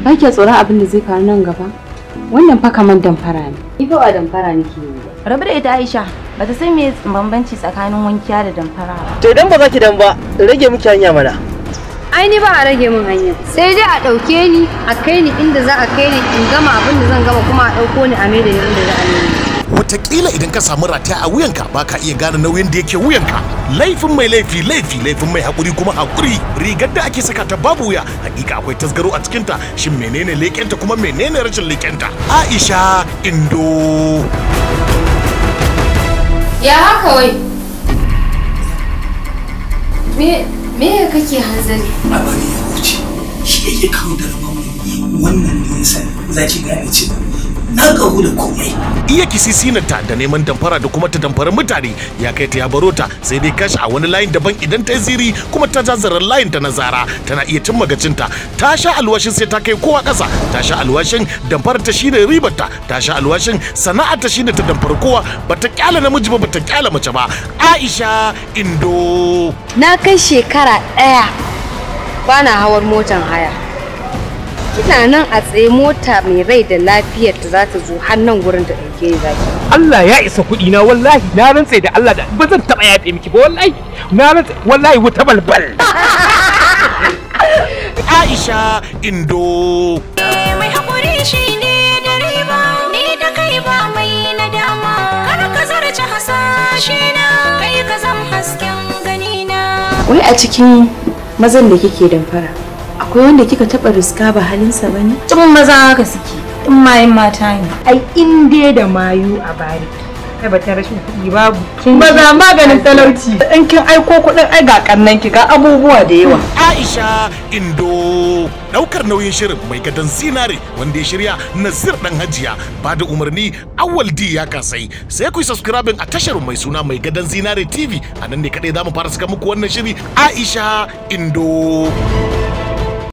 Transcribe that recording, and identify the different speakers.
Speaker 1: Ba ke tsoron abin da zai faru nan gaba? Wannan fa kamar damfara ne. fa ba damfara nake yi ba. Rabu da ita Aisha, ba ta san me bambanci tsakanin wankiya da damfara ba. To idan ba za ki dan ba, rage miki hanya mana. Ai ni ba a rage min hanya. Sai dai a ɗauke ni, a kai ni inda za a kai ni, in gama abin da zan gama kuma a ɗauko ni a maida ni inda za a maida ni. wataƙila idan ka samu rataya a wuyanka ba ka iya gane nauyin da yake wuyanka laifin mai laifi laifi laifin mai haƙuri kuma haƙuri rigar da ake saka ta babu wuya hakika akwai tasgaro a cikinta shin menene leƙenta kuma menene rashin leƙenta aisha indo ya haka wai me ya kake hanzari abari ya wuce shi yake kawo da rabon wannan nisan za ki gane cewa na gahu da komai iya kisisinarta da neman damfara da kuma ta damfara mutane ya kai ta ya baro ta sai dai kashi a wani layin daban idan ta ziri kuma ta jazarar layin ta na zara tana iya cin magacinta ta sha alwashin sai ta kai kowa kasa ta sha alwashin damfarar ta shine ribar ta ta sha alwashin sana'ar ta shine ta damfar kowa bata kyala namiji ba bata kyala mace ba Aisha Indo na kai shekara ɗaya bana hawar motan haya kina nan a tsaye mota mai rai da lafiyar da za ta zo hannun wurin gurin da ɗauke za zaki. Allah ya isa kuɗi na wallahi na rantse da Allah da ba zan taɓa yafe miki ba wallahi na rantse wallahi wuta balbal. Aisha Indo. Eh, mai haƙuri shi ne da mai Wai a cikin mazan da kike damfara. akwai wanda kika taba riska ba halinsa ba ne? Tun maza haka suke, tun mayin mata ne. Ai in dai da mayu a bari. Kai ba ta rashin kuɗi babu. Maza maganin talauci. In kin aiko kuɗin ai ga kannan ki ga abubuwa da yawa. Aisha Indo. Daukar nauyin shirin mai gadon zinare wanda ya shirya Nazir dan Hajiya ba da umarni awal di ya kasai sai ku yi a tashar mai suna mai gadon zinare TV a nan ne kadai zamu fara saka muku wannan shiri Aisha Indo.